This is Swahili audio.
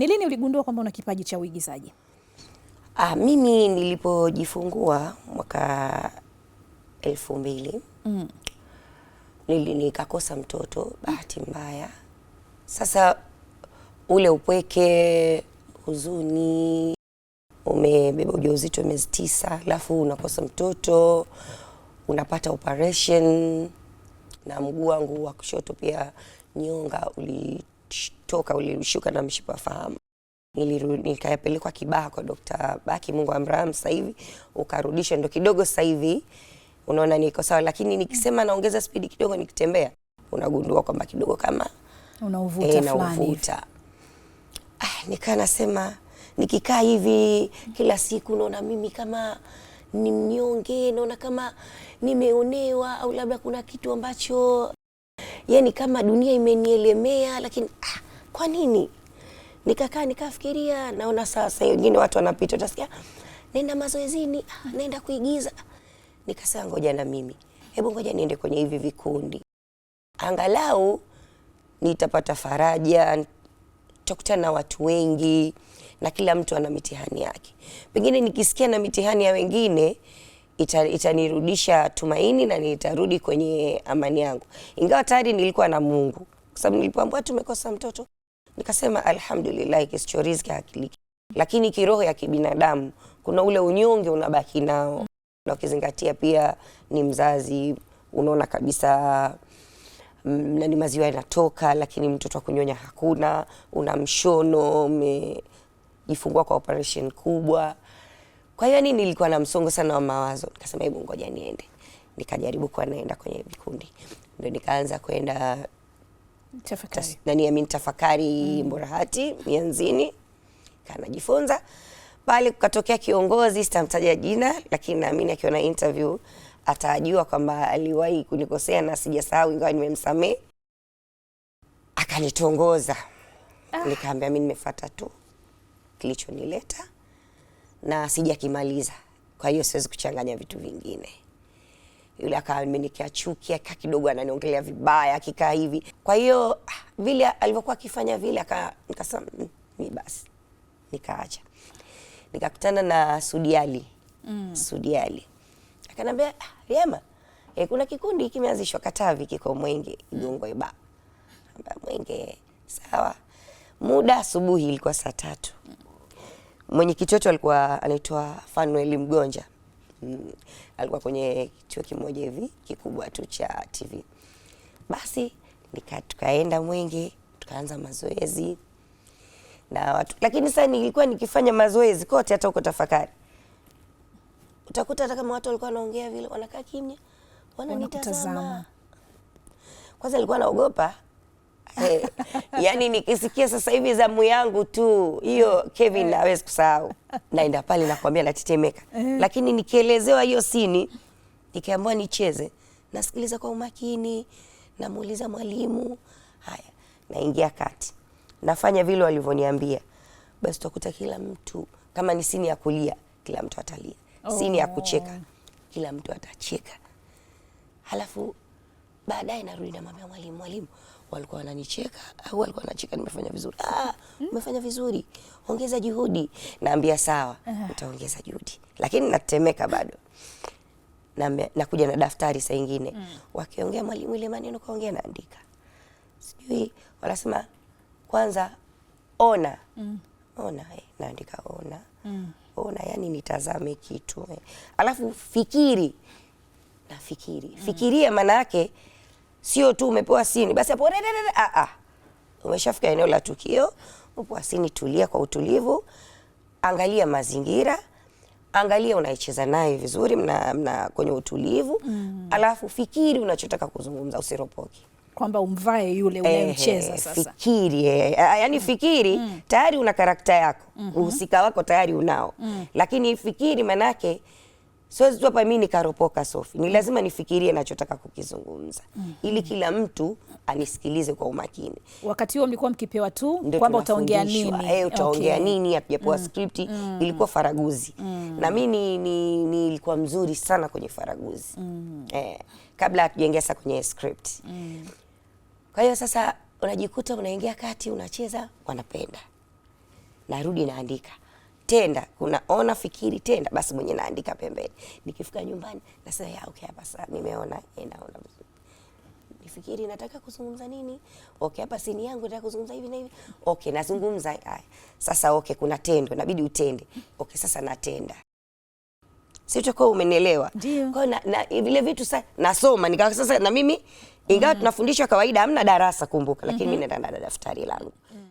Ni lini uligundua kwamba una kipaji cha uigizaji? Ah, mimi nilipojifungua mwaka elfu mbili mm. nili nikakosa mtoto bahati mbaya. Sasa ule upweke, huzuni, umebeba ujauzito miezi tisa, alafu unakosa mtoto, unapata operation na mguu wangu wa kushoto pia nyonga uli ulitoka ulishuka na mshipa fahamu. Nikapelekwa Kibaha kwa Dokta Baki, Mungu amraham sasa hivi ukarudisha, ndo kidogo sasa hivi unaona niko sawa, lakini nikisema naongeza spidi kidogo nikitembea, unagundua kwamba kidogo kama unauvuta e, eh, nauvuta. Ah, nikaa nasema nikikaa hivi kila siku naona mimi kama ni mnyonge, naona kama nimeonewa, au labda kuna kitu ambacho yani kama dunia imenielemea, lakini ah, kwa nini? Nikakaa nikafikiria, naona sasa wengine watu wanapita, utasikia nenda mazoezini, ah, nenda kuigiza. Nikasema ngoja na mimi, hebu ngoja niende kwenye hivi vikundi, angalau nitapata faraja, nitakutana na watu wengi, na kila mtu ana mitihani yake. Pengine nikisikia na mitihani ya wengine itanirudisha ita tumaini na nitarudi kwenye amani yangu, ingawa tayari nilikuwa na Mungu, kwa sababu nilipoambiwa tumekosa mtoto Nikasema alhamdulillah, kisicho riziki lakini kiroho ya kibinadamu kuna ule unyonge unabaki nao, na ukizingatia pia ni mzazi, unaona kabisa mm, nani ni maziwa yanatoka, lakini mtoto wa kunyonya hakuna, una mshono, umejifungua kwa operation kubwa. Kwa hiyo nini, nilikuwa na msongo sana wa mawazo, nikasema hebu ngoja niende, nikajaribu kuwa naenda kwenye vikundi, ndio nikaanza kwenda tafakari. Nani amin tafakari mm. Mburahati mianzini kanajifunza pale, kukatokea kiongozi sitamtaja jina, lakini naamini akiona interview atajua kwamba aliwahi kunikosea na sijasahau, ingawa nimemsamehe. Akanitongoza ah. Nikaambia mi nimefata tu kilichonileta na sijakimaliza, kwa hiyo siwezi kuchanganya vitu vingine yule akawa amenikea chuki, akaa kidogo ananiongelea vibaya, akikaa hivi. Kwa hiyo vile alivyokuwa akifanya vile, nikasema mimi mm, basi nikaacha. Nikakutana na Sudiali mm. Sudiali akanambia ah, Rema, e, eh, kuna kikundi kimeanzishwa Katavi, kiko Mwenge Igongo Iba. Mm. Mwenge sawa. Muda asubuhi ilikuwa saa tatu. Mm. Mwenyekiti wetu alikuwa anaitwa Fanuel Mgonja mm, alikuwa kwenye kituo kimoja hivi kikubwa tu cha TV. Basi nika tukaenda Mwenge tukaanza mazoezi na watu, lakini sasa nilikuwa nikifanya mazoezi kote, hata uko tafakari utakuta hata kama watu walikuwa wanaongea vile, wanakaa kimya, wananitazama. Kwanza nilikuwa naogopa hey. Eh, yaani nikisikia sasa hivi zamu yangu tu hiyo Kevin hey. Eh. Hawezi kusahau, naenda pale nakwambia natetemeka hey. Eh. Lakini nikielezewa hiyo sini nikaambiwa nicheze, nasikiliza kwa umakini, namuuliza mwalimu, haya naingia kati, nafanya vile walivyoniambia, basi utakuta kila mtu kama ni sini ya kulia kila mtu atalia, oh. Sini ya kucheka kila mtu atacheka, halafu baadaye narudi namwambia mwalimu, mwalimu walikuwa wananicheka au walikuwa wanacheka nimefanya vizuri. Ah, umefanya vizuri, ongeza juhudi. Naambia sawa, nitaongeza juhudi, lakini natemeka bado. Naambia nakuja na daftari saa ingine mm. Wakiongea mwalimu ile maneno kaongea, naandika sijui, wanasema kwanza ona mm. ona eh, naandika ona mm. ona, yani nitazame kitu eh. Alafu fikiri, nafikiri mm. fikiria maana yake sio tu umepewa sini basi hapo a a, umeshafika eneo la tukio, upo asini, tulia kwa utulivu, angalia mazingira, angalia unaicheza naye vizuri, mna, mna kwenye utulivu mm. Alafu fikiri unachotaka kuzungumza, usiropoki kwamba umvae yule unayemcheza sasa. Fikiri yani, mm. fikiri mm. tayari una karakta yako, mm-hmm. uhusika wako tayari unao, mm. lakini fikiri manake siwezi tu mimi nikaropoka Sofi, ni lazima nifikirie nachotaka kukizungumza mm ili kila mtu anisikilize kwa umakini. Wakati huo mlikuwa mkipewa tu kwamba utaongea nini, eh, utaongea okay. nini, hatujapewa mm -hmm. script mm ilikuwa faraguzi mm na mimi ni, ni, ni ilikuwa mzuri sana kwenye faraguzi mm eh, kabla hatujaingia sa kwenye script mm kwa hiyo sasa unajikuta unaingia kati unacheza, wanapenda, narudi naandika tenda, kuna ona, fikiri, tenda, basi mwenye naandika pembeni. Nikifika nyumbani nasema ya okay, hapa sasa nimeona, naona fikiri nataka kuzungumza nini? Okay, hapa sini yangu nataka kuzungumza hivi na hivi. Okay, nazungumza haya. Sasa okay, kuna tendo inabidi utende. Okay, sasa natenda. Si utakuwa umenielewa? Kwa na, na vile vitu sasa nasoma nikawa sasa na mimi ingawa mm -hmm. tunafundishwa kawaida, hamna darasa kumbuka, lakini mm -hmm. mimi mm-hmm. nenda na daftari langu. Mm -hmm.